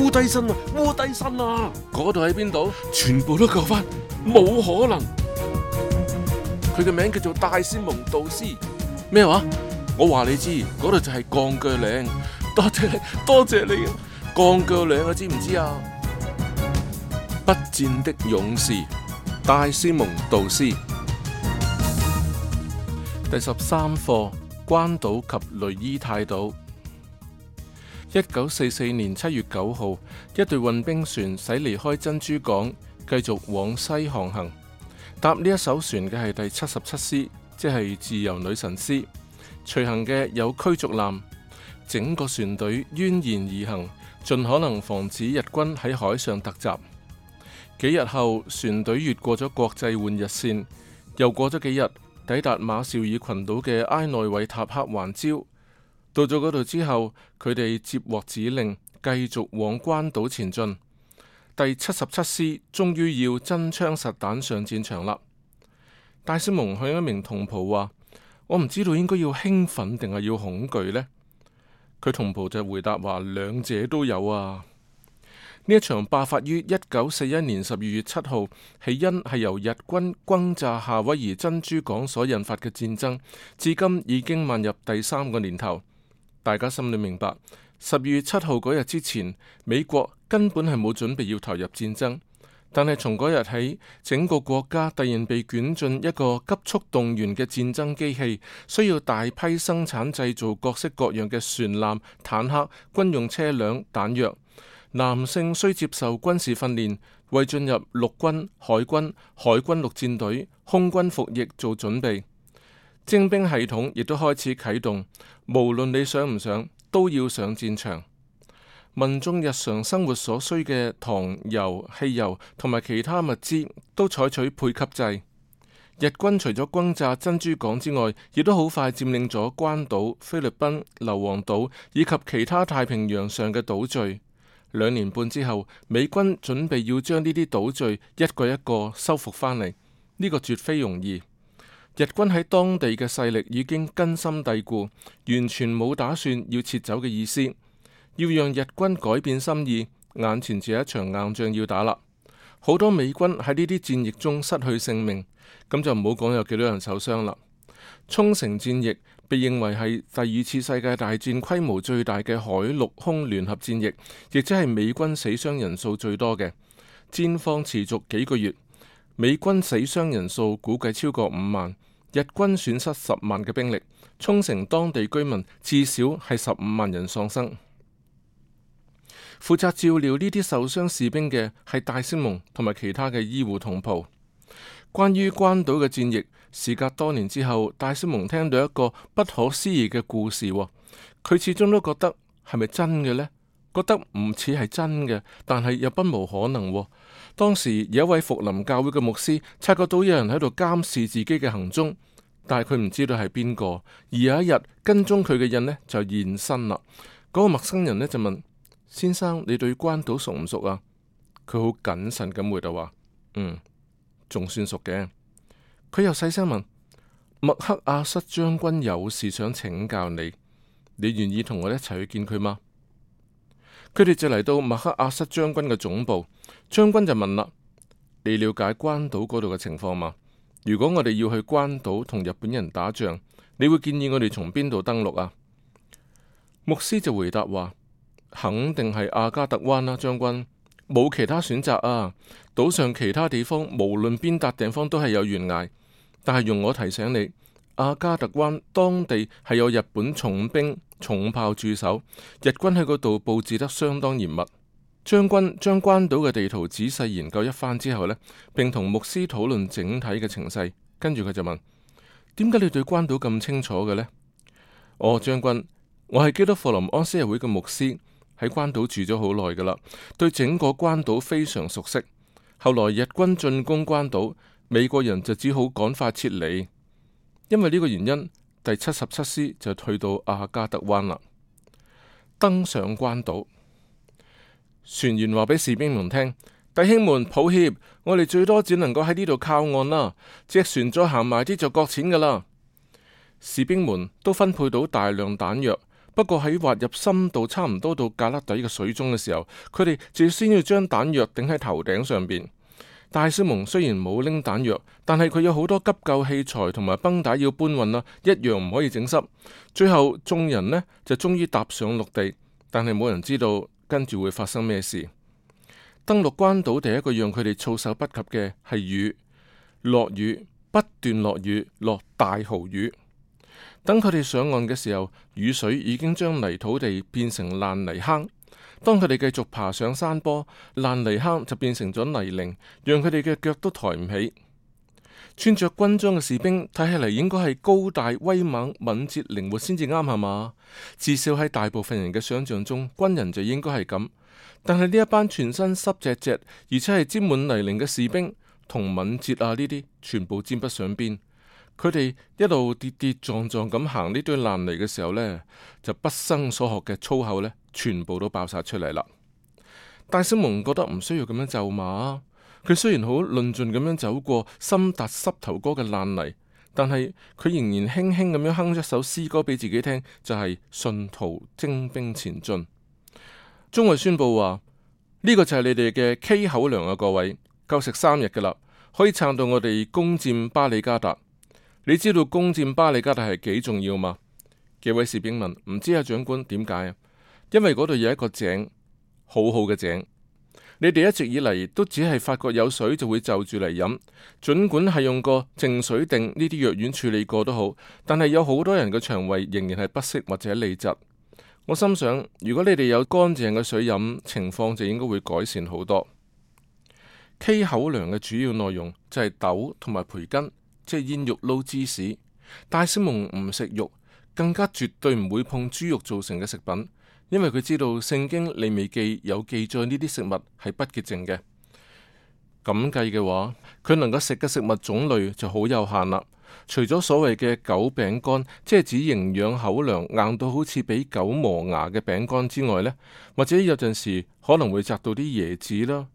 烏低身啊，烏低身啊！嗰度喺邊度？全部都救翻，冇可能！佢嘅名叫做戴斯蒙杜斯，咩話？我話你知，嗰度就係鋼鋸嶺。多謝你，多謝你！鋼鋸嶺啊，知唔知啊？不戰的勇士，戴斯蒙杜斯。第十三課：關島及雷伊泰島。一九四四年七月九號，一隊運兵船駛離開珍珠港，繼續往西航行。搭呢一艘船嘅係第七十七師，即係自由女神師。隨行嘅有驅逐艦，整個船隊蜿蜒而行，盡可能防止日軍喺海上突襲。幾日後，船隊越過咗國際換日線，又過咗幾日，抵達馬紹爾群島嘅埃內維塔克環礁。到咗嗰度之後，佢哋接獲指令，繼續往關島前進。第七十七師終於要真槍實彈上戰場啦。戴斯蒙向一名同袍話：「我唔知道應該要興奮定係要恐懼呢。」佢同袍就回答話：兩者都有啊。呢一場爆發於一九四一年十二月七號，起因係由日軍轟炸夏威夷珍珠港所引發嘅戰爭，至今已經邁入第三個年頭。大家心裏明白，十二月七號嗰日之前，美國根本係冇準備要投入戰爭。但係從嗰日起，整個國家突然被捲進一個急速動員嘅戰爭機器，需要大批生產製造各式各樣嘅船艦、坦克、軍用車輛、彈藥。男性需接受軍事訓練，為進入陸軍、海軍、海軍陸戰隊、空軍服役做準備。徵兵系統亦都開始啟動，無論你想唔想，都要上戰場。民眾日常生活所需嘅糖、油、汽油同埋其他物資都採取配給制。日軍除咗轟炸珍珠港之外，亦都好快佔領咗關島、菲律賓、硫磺島以及其他太平洋上嘅島嶼。兩年半之後，美軍準備要將呢啲島嶼一個一個收復翻嚟，呢、呢個絕非容易。日軍喺當地嘅勢力已經根深蒂固，完全冇打算要撤走嘅意思。要讓日軍改變心意，眼前只係一場硬仗要打啦。好多美軍喺呢啲戰役中失去性命，咁就唔好講有幾多人受傷啦。沖繩戰役被認為係第二次世界大戰規模最大嘅海陸空聯合戰役，亦即係美軍死傷人數最多嘅戰況，持續幾個月，美軍死傷人數估計超過五萬。日軍損失十萬嘅兵力，沖繩當地居民至少係十五萬人喪生。負責照料呢啲受傷士兵嘅係戴斯蒙同埋其他嘅醫護同袍。關於關島嘅戰役，事隔多年之後，戴斯蒙聽到一個不可思議嘅故事，佢始終都覺得係咪真嘅呢？覺得唔似係真嘅，但係又不無可能喎。當時有一位復臨教會嘅牧師察覺到有人喺度監視自己嘅行蹤，但係佢唔知道係邊個。而有一日跟蹤佢嘅人呢就現身啦。嗰個陌生人呢就問：先生，你對關島熟唔熟啊？佢好謹慎咁回答話：嗯，仲算熟嘅。佢又細聲問：麥克阿瑟將軍有事想請教你，你願意同我一齊去見佢嗎？佢哋就嚟到麥克阿瑟將軍嘅總部，將軍就問啦：你了解關島嗰度嘅情況嘛？如果我哋要去關島同日本人打仗，你會建議我哋從邊度登陸啊？牧師就回答話：肯定係阿加特灣啦，將軍，冇其他選擇啊。島上其他地方，無論邊笪地方都係有懸崖，但係容我提醒你，阿加特灣當地係有日本重兵。重炮駐守，日軍喺嗰度布置得相當嚴密。將軍將關島嘅地圖仔細研究一番之後咧，並同牧師討論整體嘅情勢。跟住佢就問：點解你對關島咁清楚嘅咧？哦，將軍，我係基督復臨安息日會嘅牧師，喺關島住咗好耐噶啦，對整個關島非常熟悉。後來日軍進攻關島，美國人就只好趕快撤離，因為呢個原因。第七十七師就退到阿加特灣啦，登上關島，船員話俾士兵們聽：弟兄們，抱歉，我哋最多只能夠喺呢度靠岸啦，隻船再行埋啲就擱淺噶啦。士兵們都分配到大量彈藥，不過喺滑入深度差唔多到胳肋底嘅水中嘅時候，佢哋就要先要將彈藥頂喺頭頂上邊。戴斯蒙雖然冇拎彈藥，但係佢有好多急救器材同埋繃帶要搬運啦，一樣唔可以整濕。最後眾人呢就終於踏上陸地，但係冇人知道跟住會發生咩事。登陸關島第一個讓佢哋措手不及嘅係雨，落雨不斷落雨，落大豪雨。等佢哋上岸嘅時候，雨水已經將泥土地變成爛泥坑。當佢哋繼續爬上山坡，爛泥坑就變成咗泥濘，讓佢哋嘅腳都抬唔起。穿着軍裝嘅士兵睇起嚟應該係高大威猛、敏捷靈活先至啱係嘛？至少喺大部分人嘅想象中，軍人就應該係咁。但係呢一班全身濕只只，而且係沾滿泥濘嘅士兵，同敏捷啊，呢啲全部沾不上邊。佢哋一路跌跌撞撞咁行呢堆爛泥嘅時候呢，就畢生所學嘅粗口呢，全部都爆晒出嚟啦！戴斯蒙覺得唔需要咁樣咒罵。佢雖然好論盡咁樣走過深達膝頭哥嘅爛泥，但係佢仍然輕輕咁樣哼一首詩歌俾自己聽，就係《信徒精兵前進》。中尉宣佈話：呢個就係你哋嘅 K 口糧啊！各位夠食三日嘅啦，可以撐到我哋攻佔巴里加達。你知道攻佔巴里加達係幾重要嗎？幾位士兵問：唔知啊，長官點解啊？因為嗰度有一個井，好好嘅井。你哋一直以嚟都只係發覺有水就會就住嚟飲，儘管係用過淨水定呢啲藥丸處理過都好，但係有好多人嘅腸胃仍然係不適或者痢疾。我心想，如果你哋有乾淨嘅水飲，情況就應該會改善好多。K 口糧嘅主要內容就係豆同埋培根，即係煙肉撈芝士。戴斯蒙唔食肉，更加絕對唔會碰豬肉做成嘅食品。因為佢知道聖經利未記有記載呢啲食物係不潔淨嘅，咁計嘅話，佢能夠食嘅食物種類就好有限啦。除咗所謂嘅狗餅乾，即係指營養口糧硬到好似俾狗磨牙嘅餅乾之外呢，或者有陣時可能會摘到啲椰子啦。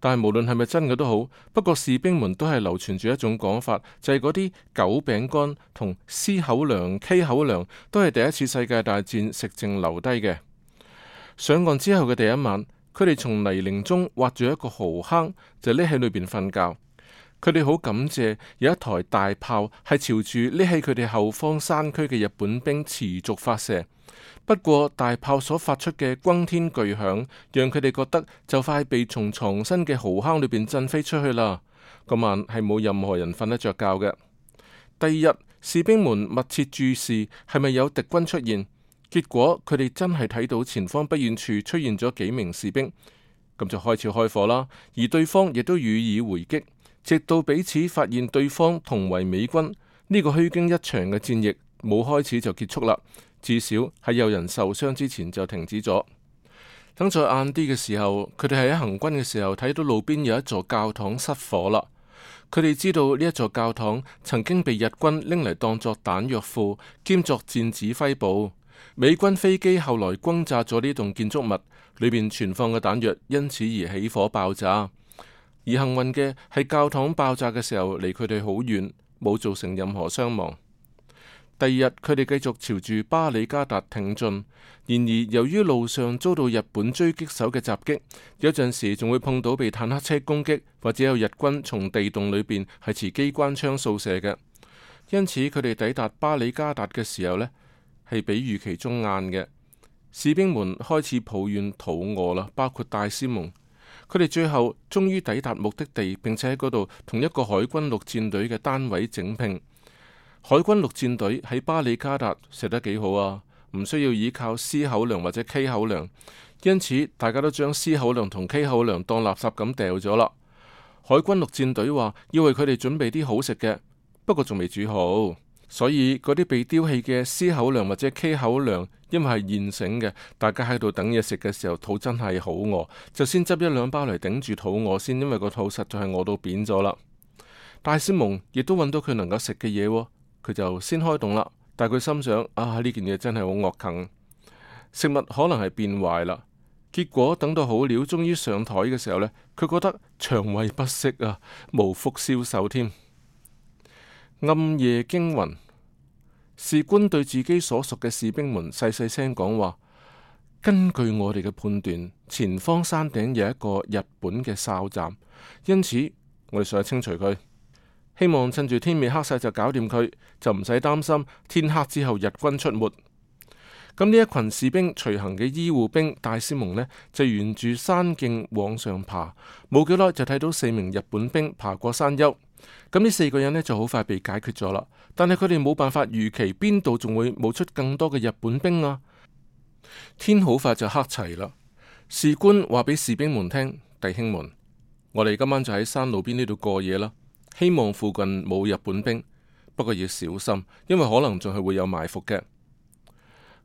但係無論係咪真嘅都好，不過士兵們都係流傳住一種講法，就係嗰啲狗餅乾同 C 口糧、K 口糧都係第一次世界大戰食剩留低嘅。上岸之後嘅第一晚，佢哋從泥濘中挖住一個壕坑，就匿喺裏邊瞓覺。佢哋好感謝有一台大炮係朝住匿喺佢哋後方山區嘅日本兵持續發射。不過大炮所發出嘅轟天巨響，讓佢哋覺得就快被從藏身嘅壕坑裏邊震飛出去啦。嗰晚係冇任何人瞓得着覺嘅。第二日，士兵們密切注視，係咪有敵軍出現？結果佢哋真係睇到前方不遠處出現咗幾名士兵，咁就開始開火啦。而對方亦都予以回擊，直到彼此發現對方同為美軍，呢個虛驚一場嘅戰役冇開始就結束啦。至少喺有人受傷之前就停止咗。等再晏啲嘅時候，佢哋喺行軍嘅時候睇到路邊有一座教堂失火啦。佢哋知道呢一座教堂曾經被日軍拎嚟當作彈藥庫兼作戰指揮部。美軍飛機後來轟炸咗呢棟建築物，裏面存放嘅彈藥因此而起火爆炸。而幸運嘅係，教堂爆炸嘅時候離佢哋好遠，冇造成任何傷亡。第二日，佢哋繼續朝住巴里加達挺進。然而，由於路上遭到日本狙擊手嘅襲擊，有陣時仲會碰到被坦克車攻擊，或者有日軍從地洞裏邊係持機關槍掃射嘅。因此，佢哋抵達巴里加達嘅時候呢。係比預期中晏嘅，士兵們開始抱怨肚餓啦，包括戴斯蒙。佢哋最後終於抵達目的地，並且喺嗰度同一個海軍陸戰隊嘅單位整拼。海軍陸戰隊喺巴里加達食得幾好啊，唔需要依靠 C 口糧或者 K 口糧，因此大家都將 C 口糧同 K 口糧當垃圾咁掉咗啦。海軍陸戰隊話要為佢哋準備啲好食嘅，不過仲未煮好。所以嗰啲被丟棄嘅 C 口糧或者 K 口糧，因為係現成嘅，大家喺度等嘢食嘅時候，肚真係好餓，就先執一兩包嚟頂住肚餓先，因為個肚實在係餓到扁咗啦。戴斯蒙亦都揾到佢能夠食嘅嘢喎，佢就先開動啦。但係佢心想啊，呢件嘢真係好惡啃，食物可能係變壞啦。結果等到好料，終於上台嘅時候呢，佢覺得腸胃不適啊，無福消受添。暗夜驚魂，士官對自己所屬嘅士兵們細細聲講話：根據我哋嘅判斷，前方山頂有一個日本嘅哨站，因此我哋想清除佢，希望趁住天未黑晒就搞掂佢，就唔使擔心天黑之後日軍出沒。咁呢一群士兵隨行嘅醫護兵戴斯蒙呢，就沿住山徑往上爬，冇幾耐就睇到四名日本兵爬過山丘。咁呢四個人呢就好快被解決咗啦，但係佢哋冇辦法預期邊度仲會冒出更多嘅日本兵啊！天好快就黑齊啦。士官話俾士兵們聽：弟兄們，我哋今晚就喺山路邊呢度過夜啦。希望附近冇日本兵，不過要小心，因為可能仲係會有埋伏嘅。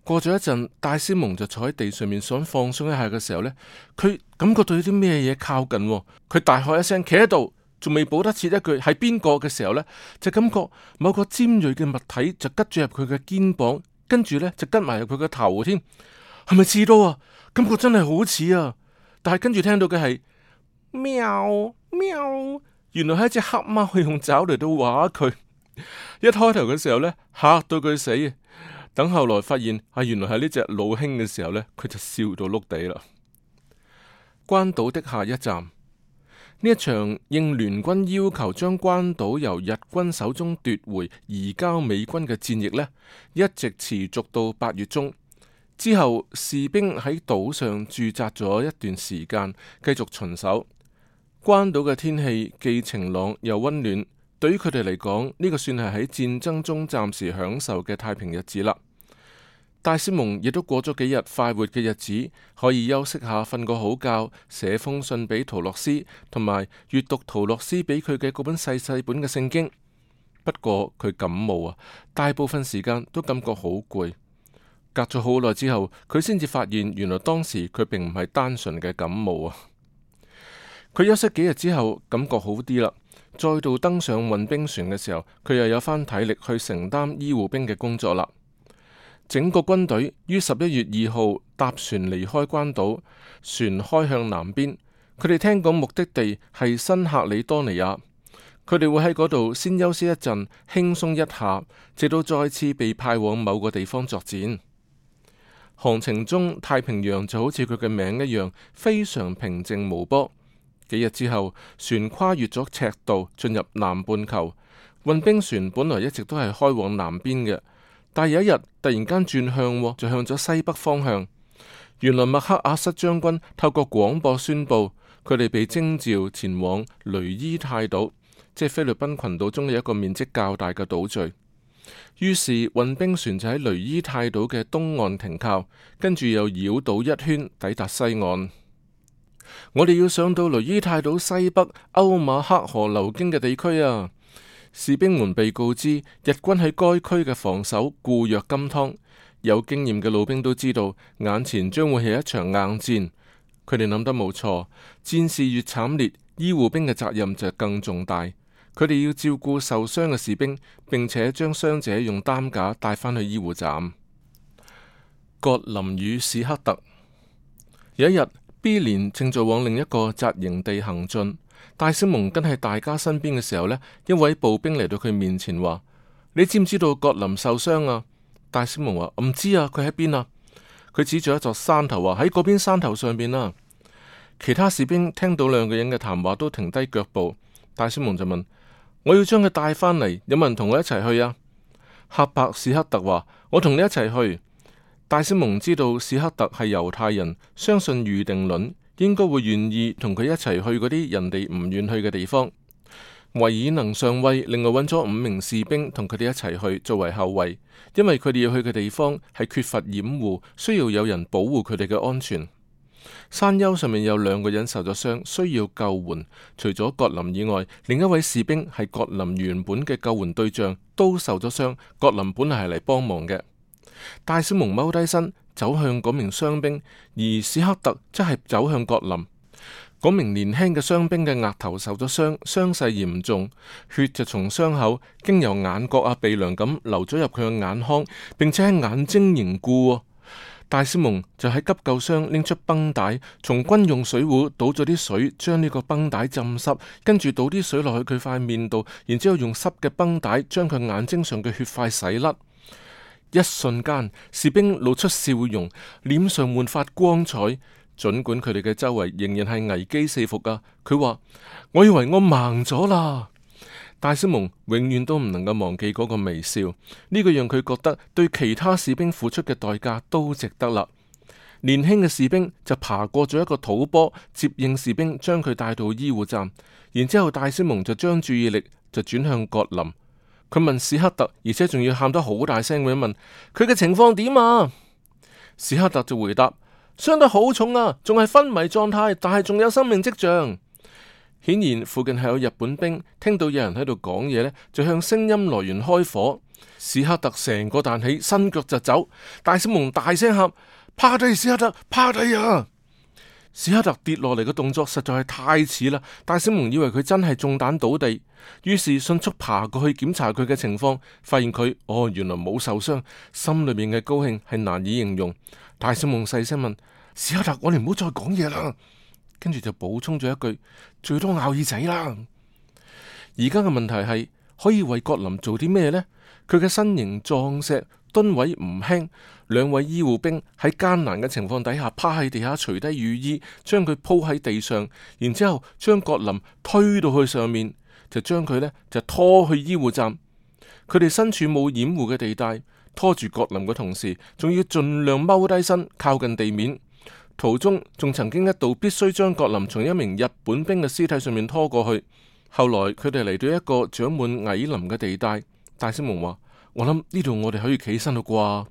過咗一陣，戴斯蒙就坐喺地上面想放鬆一下嘅時候呢，佢感覺到有啲咩嘢靠近啊，佢大喝一聲，企喺度。仲未補得切一句係邊個嘅時候呢，就感覺某個尖銳嘅物體就拮住入佢嘅肩膀，跟住呢就拮埋入佢嘅頭添，係咪刺刀啊？感覺真係好似啊！但係跟住聽到嘅係喵喵，喵原來係一隻黑貓用爪嚟到劃佢。一開頭嘅時候呢，吓到佢死，等後來發現啊原來係呢隻老兄嘅時候呢，佢就笑到碌地啦。關島的下一站。呢一場應聯軍要求將關島由日軍手中奪回，移交美軍嘅戰役呢，一直持續到八月中，之後，士兵喺島上駐紮咗一段時間，繼續巡守。關島嘅天氣既晴朗又溫暖，對於佢哋嚟講，呢、呢個算係喺戰爭中暫時享受嘅太平日子啦。戴斯蒙亦都過咗幾日快活嘅日子，可以休息下，瞓個好覺，寫封信俾陶洛斯，同埋閱讀陶洛斯俾佢嘅嗰本細細本嘅聖經。不過佢感冒啊，大部分時間都感覺好攰。隔咗好耐之後，佢先至發現原來當時佢並唔係單純嘅感冒啊。佢休息幾日之後，感覺好啲啦。再度登上運兵船嘅時候，佢又有翻體力去承擔醫護兵嘅工作啦。整個軍隊於十一月二號搭船離開關島，船開向南邊。佢哋聽講目的地係新喀里多尼亞，佢哋會喺嗰度先休息一陣，輕鬆一下，直到再次被派往某個地方作戰。航程中，太平洋就好似佢嘅名一樣，非常平靜無波。幾日之後，船跨越咗赤道，進入南半球。運兵船本來一直都係開往南邊嘅。但有一日突然間轉向，就向咗西北方向。原來麥克阿瑟將軍透過廣播宣布，佢哋被徵召前往雷伊泰島，即係菲律賓群島中嘅一個面積較大嘅島嶼。於是運兵船就喺雷伊泰島嘅東岸停靠，跟住又繞島一圈抵達西岸。我哋要上到雷伊泰島西北歐馬克河流經嘅地區啊！士兵們被告知日軍喺該區嘅防守固若金湯，有經驗嘅老兵都知道眼前將會係一場硬戰。佢哋諗得冇錯，戰事越慘烈，醫護兵嘅責任就更重大。佢哋要照顧受傷嘅士兵，並且將傷者用擔架帶返去醫護站。葛林與史克特有一日，B 連正在往另一個紮營地行進。大司蒙跟喺大家身邊嘅時候呢，一位步兵嚟到佢面前話：你知唔知道葛林受傷啊？戴斯蒙話唔知啊，佢喺邊啊？佢指住一座山頭話，喺嗰邊山頭上邊啦、啊。其他士兵聽到兩個人嘅談話都停低腳步。戴斯蒙就問：我要將佢帶返嚟，有冇人同我一齊去啊？哈白史克特話：我同你一齊去。戴斯蒙知道史克特係猶太人，相信預定論。應該會願意同佢一齊去嗰啲人哋唔願去嘅地方。維爾能上尉，另外揾咗五名士兵同佢哋一齊去，作為後衛，因為佢哋要去嘅地方係缺乏掩護，需要有人保護佢哋嘅安全。山丘上面有兩個人受咗傷，需要救援。除咗葛林以外，另一位士兵係葛林原本嘅救援對象，都受咗傷。葛林本嚟係嚟幫忙嘅。戴斯蒙踎低身走向嗰名傷兵，而史克特則係走向葛林。嗰名年輕嘅傷兵嘅額頭受咗傷，傷勢嚴重，血就從傷口經由眼角啊鼻梁咁流咗入佢嘅眼眶，並且喺眼睛凝固。戴斯蒙就喺急救箱拎出繃帶，從軍用水壺倒咗啲水，將呢個繃帶浸濕，跟住倒啲水落去佢塊面度，然之後用濕嘅繃帶將佢眼睛上嘅血塊洗甩。一瞬間，士兵露出笑容，臉上煥發光彩。盡管佢哋嘅周圍仍然係危機四伏噶、啊，佢話：我以為我盲咗啦。戴斯蒙永遠都唔能夠忘記嗰個微笑，呢、這個讓佢覺得對其他士兵付出嘅代價都值得啦。年輕嘅士兵就爬過咗一個土坡，接應士兵將佢帶到醫護站，然之後戴斯蒙就將注意力就轉向葛林。佢問史克特，而且仲要喊得好大聲咁問佢嘅情況點啊？史克特就回答：傷得好重啊，仲係昏迷狀態，但係仲有生命跡象。顯然附近係有日本兵，聽到有人喺度講嘢呢，就向聲音來源開火。史克特成個彈起，伸腳就走。戴斯蒙大聲喊：趴低史克特，趴低啊！史克特跌落嚟嘅動作實在係太似啦，戴斯蒙以為佢真係中彈倒地，於是迅速爬過去檢查佢嘅情況，發現佢哦原來冇受傷，心裏面嘅高興係難以形容。戴斯蒙細聲問史克特，我哋唔好再講嘢啦，跟住就補充咗一句，最多咬耳仔啦。而家嘅問題係可以為葛林做啲咩呢？佢嘅身形壯碩。噸位唔輕，兩位醫護兵喺艱難嘅情況底下趴喺地下，除低雨衣，將佢鋪喺地上，然之後將郭林推到去上面，就將佢呢就拖去醫護站。佢哋身處冇掩護嘅地帶，拖住郭林嘅同時，仲要盡量踎低身靠近地面。途中仲曾經一度必須將郭林從一名日本兵嘅屍體上面拖過去。後來佢哋嚟到一個長滿矮林嘅地帶，大聲話。我諗呢度我哋可以起身嘞啩！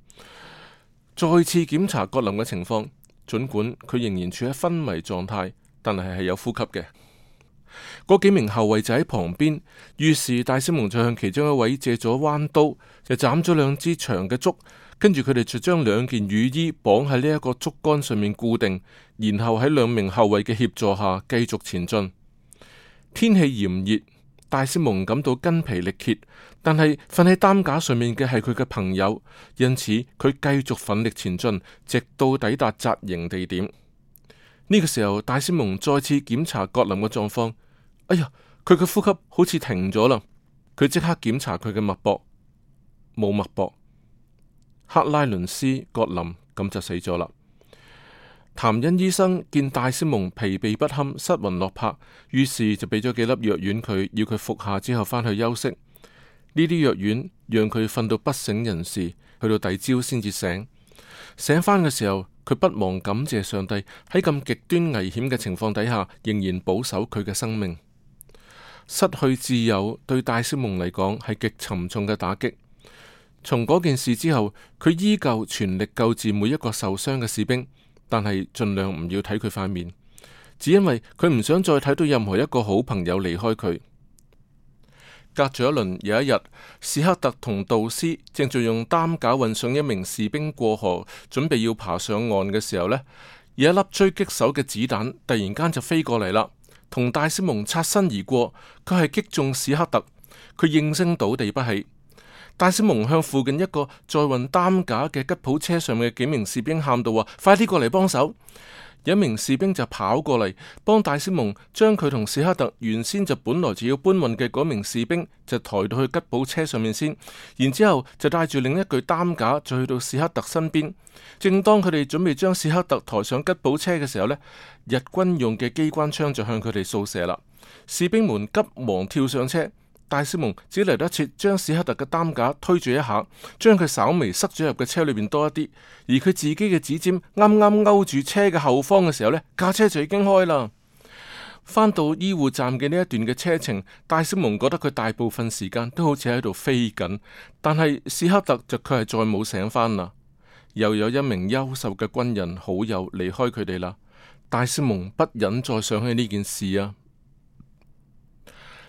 再次檢查葛林嘅情況，儘管佢仍然處喺昏迷狀態，但係係有呼吸嘅。嗰幾名後衛就喺旁邊，於是戴斯蒙就向其中一位借咗彎刀，就斬咗兩支長嘅竹，跟住佢哋就將兩件雨衣綁喺呢一個竹竿上面固定，然後喺兩名後衛嘅協助下繼續前進。天氣炎熱。戴斯蒙感到筋疲力竭，但係瞓喺擔架上面嘅係佢嘅朋友，因此佢繼續奮力前進，直到抵達紮營地點。呢、這個時候，戴斯蒙再次檢查葛林嘅狀況，哎呀，佢嘅呼吸好似停咗啦！佢即刻檢查佢嘅脈搏，冇脈搏，克拉倫斯葛林咁就死咗啦。譚恩醫生見戴斯蒙疲憊不堪、失魂落魄，於是就俾咗幾粒藥丸佢，要佢服下之後返去休息。呢啲藥丸讓佢瞓到不省人事，去到第朝先至醒。醒返嘅時候，佢不忘感謝上帝喺咁極端危險嘅情況底下，仍然保守佢嘅生命。失去自由對戴斯蒙嚟講係極沉重嘅打擊。從嗰件事之後，佢依舊全力救治每一個受傷嘅士兵。但係盡量唔要睇佢塊面，只因為佢唔想再睇到任何一個好朋友離開佢。隔咗一輪有一日，史克特同杜斯正在用擔架運上一名士兵過河，準備要爬上岸嘅時候呢，有一粒狙擊手嘅子彈突然間就飛過嚟啦，同戴斯蒙擦身而過，佢係擊中史克特，佢應聲倒地不起。戴斯蒙向附近一個載運擔架嘅吉普車上嘅幾名士兵喊道：話快啲過嚟幫手！有一名士兵就跑過嚟，幫戴斯蒙將佢同史克特原先就本來就要搬運嘅嗰名士兵就抬到去吉普車上面先，然之後就帶住另一具擔架，就去到史克特身邊。正當佢哋準備將史克特抬上吉普車嘅時候呢，日軍用嘅機關槍就向佢哋掃射啦！士兵們急忙跳上車。戴斯蒙只嚟得切將史克特嘅擔架推住一下，將佢稍微塞咗入嘅車裏邊多一啲，而佢自己嘅指尖啱啱勾住車嘅後方嘅時候，呢架車就已經開啦。返到醫護站嘅呢一段嘅車程，戴斯蒙覺得佢大部分時間都好似喺度飛緊，但係史克特就佢係再冇醒返啦。又有一名優秀嘅軍人好友離開佢哋啦，戴斯蒙不忍再想起呢件事啊。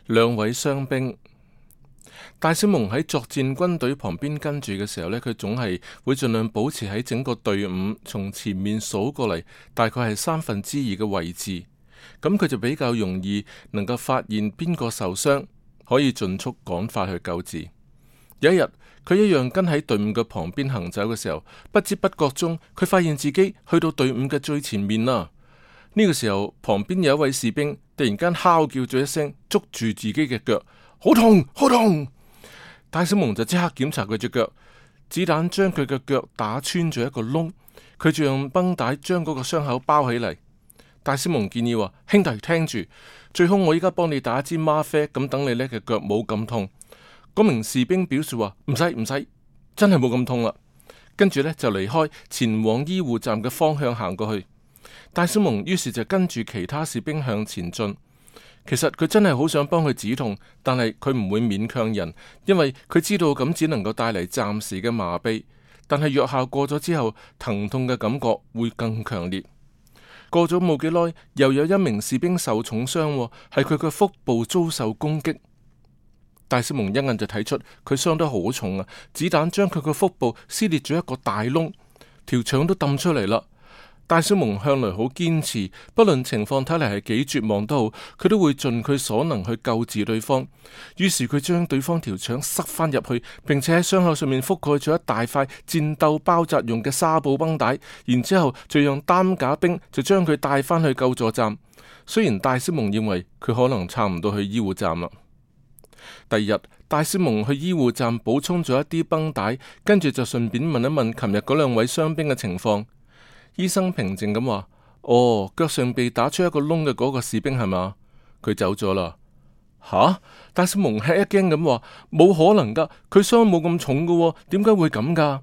兩位傷兵，戴斯蒙喺作戰軍隊旁邊跟住嘅時候，呢佢總係會盡量保持喺整個隊伍從前面數過嚟，大概係三分之二嘅位置。咁佢就比較容易能夠發現邊個受傷，可以迅速趕快去救治。有一日，佢一樣跟喺隊伍嘅旁邊行走嘅時候，不知不覺中，佢發現自己去到隊伍嘅最前面啦。呢個時候，旁邊有一位士兵。突然間，敲叫咗一聲，捉住自己嘅腳，好痛，好痛！戴斯蒙就即刻檢查佢隻腳，子彈將佢嘅腳打穿咗一個窿，佢就用繃帶將嗰個傷口包起嚟。戴斯蒙建議話：兄弟，聽住，最好我依家幫你打支嗎啡，咁等你呢嘅腳冇咁痛。嗰名士兵表示話：唔使，唔使，真係冇咁痛啦。跟住呢，就離開，前往醫護站嘅方向行過去。戴斯蒙於是就跟住其他士兵向前進。其實佢真係好想幫佢止痛，但係佢唔會勉強人，因為佢知道咁只能夠帶嚟暫時嘅麻痹，但係藥效過咗之後，疼痛嘅感覺會更強烈。過咗冇幾耐，又有一名士兵受重傷，係佢嘅腹部遭受攻擊。戴斯蒙一眼就睇出佢傷得好重啊！子彈將佢嘅腹部撕裂咗一個大窿，條腸都抌出嚟啦。戴斯蒙向來好堅持，不論情況睇嚟係幾絕望都好，佢都會盡佢所能去救治對方。於是佢將對方條腸塞返入去，並且喺傷口上面覆蓋咗一大塊戰鬥包紮用嘅紗布繃帶，然之後就用擔架兵就將佢帶返去救助站。雖然戴斯蒙認為佢可能撐唔到去醫護站啦。第二日，戴斯蒙去醫護站補充咗一啲繃帶，跟住就順便問一問琴日嗰兩位傷兵嘅情況。醫生平靜咁話：，哦，腳上被打出一個窿，嘅嗰個士兵係嘛？佢走咗啦。吓！戴斯蒙吃一驚咁話：，冇可能噶，佢傷冇咁重噶，點解會咁噶？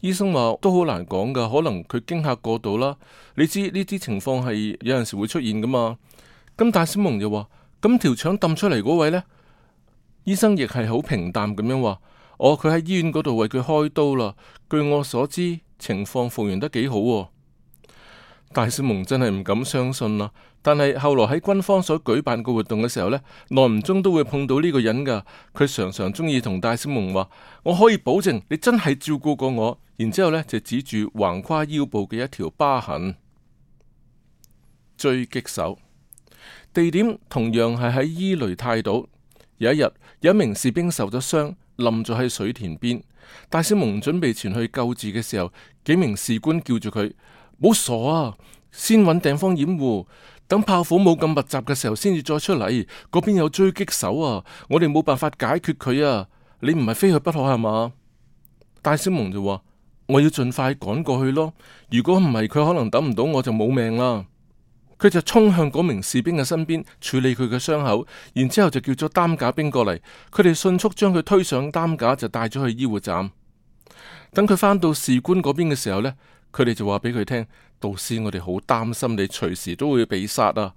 醫生話：，都好難講噶，可能佢驚嚇過度啦。你知呢啲情況係有陣時會出現噶嘛？咁戴斯蒙又話：，咁條腸抌出嚟，嗰位呢？」醫生亦係好平淡咁樣話：，哦，佢喺醫院嗰度為佢開刀啦。據我所知，情況復原得幾好啊。戴斯蒙真係唔敢相信啦，但係後來喺軍方所舉辦個活動嘅時候呢，耐唔中都會碰到呢個人噶。佢常常中意同戴斯蒙話：，我可以保證你真係照顧過我。然之後咧就指住橫跨腰部嘅一條疤痕。狙擊手地點同樣係喺雷伊泰島。有一日，有一名士兵受咗傷，冧咗喺水田邊。戴斯蒙準備前去救治嘅時候，幾名士官叫住佢。唔好傻啊！先揾地方掩護，等炮火冇咁密集嘅時候，先至再出嚟。嗰邊有狙擊手啊，我哋冇辦法解決佢啊！你唔係非去不可係嘛？戴斯蒙就話：我要盡快趕過去咯。如果唔係，佢可能等唔到我就冇命啦。佢就衝向嗰名士兵嘅身邊處理佢嘅傷口，然之後就叫咗擔架兵過嚟，佢哋迅速將佢推上擔架，就帶咗去醫護站。等佢返到士官嗰邊嘅時候呢。佢哋就話俾佢聽，杜斯我哋好擔心你隨時都會被殺啊！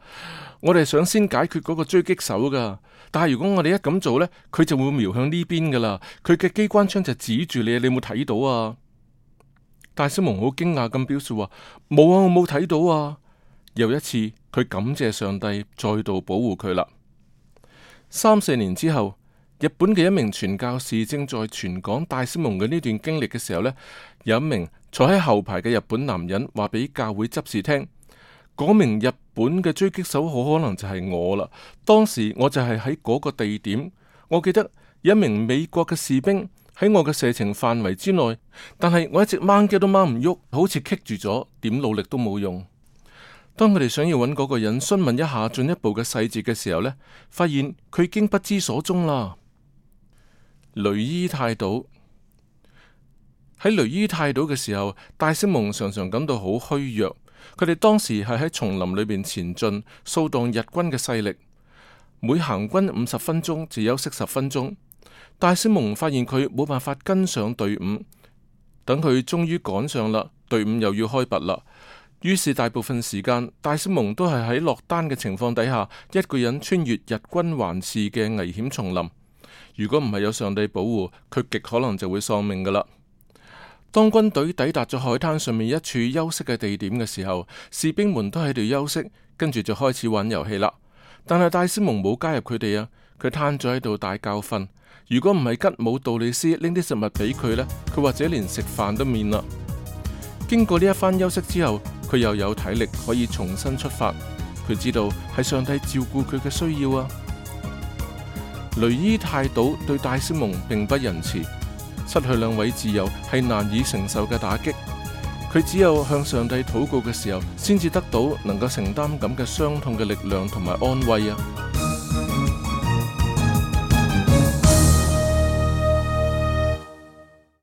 我哋想先解決嗰個狙擊手噶，但係如果我哋一咁做呢，佢就會瞄向呢邊噶啦，佢嘅機關槍就指住你，你有冇睇到啊？戴斯蒙好驚訝咁表示話：冇啊，我冇睇到啊！又一次，佢感謝上帝再度保護佢啦。三四年之後，日本嘅一名傳教士正在傳講戴斯蒙嘅呢段經歷嘅時候呢，有一名。坐喺後排嘅日本男人話俾教會執事聽：嗰名日本嘅狙擊手好可能就係我啦。當時我就係喺嗰個地點，我記得有一名美國嘅士兵喺我嘅射程範圍之內，但係我一直掹機都掹唔喐，好似棘住咗，點努力都冇用。當佢哋想要揾嗰個人詢問一下進一步嘅細節嘅時候呢，發現佢已經不知所蹤啦。雷伊泰島。喺雷伊泰島嘅時候，戴斯蒙常常感到好虛弱。佢哋當時係喺叢林裏邊前進，掃蕩日軍嘅勢力。每行軍五十分鐘至休息十分鐘。戴斯蒙發現佢冇辦法跟上隊伍，等佢終於趕上啦，隊伍又要開拔啦。於是大部分時間，戴斯蒙都係喺落單嘅情況底下，一個人穿越日軍環伺嘅危險叢林。如果唔係有上帝保護，佢極可能就會喪命噶啦。當軍隊抵達咗海灘上面一處休息嘅地點嘅時候，士兵們都喺度休息，跟住就開始玩遊戲啦。但係戴斯蒙冇加入佢哋啊，佢攤咗喺度大覺瞓。如果唔係吉姆杜里斯拎啲食物俾佢呢，佢或者連食飯都免啦。經過呢一番休息之後，佢又有體力可以重新出發。佢知道係上帝照顧佢嘅需要啊。雷伊泰島對戴斯蒙並不仁慈。失去兩位摯友係難以承受嘅打擊，佢只有向上帝禱告嘅時候，先至得到能夠承擔咁嘅傷痛嘅力量同埋安慰。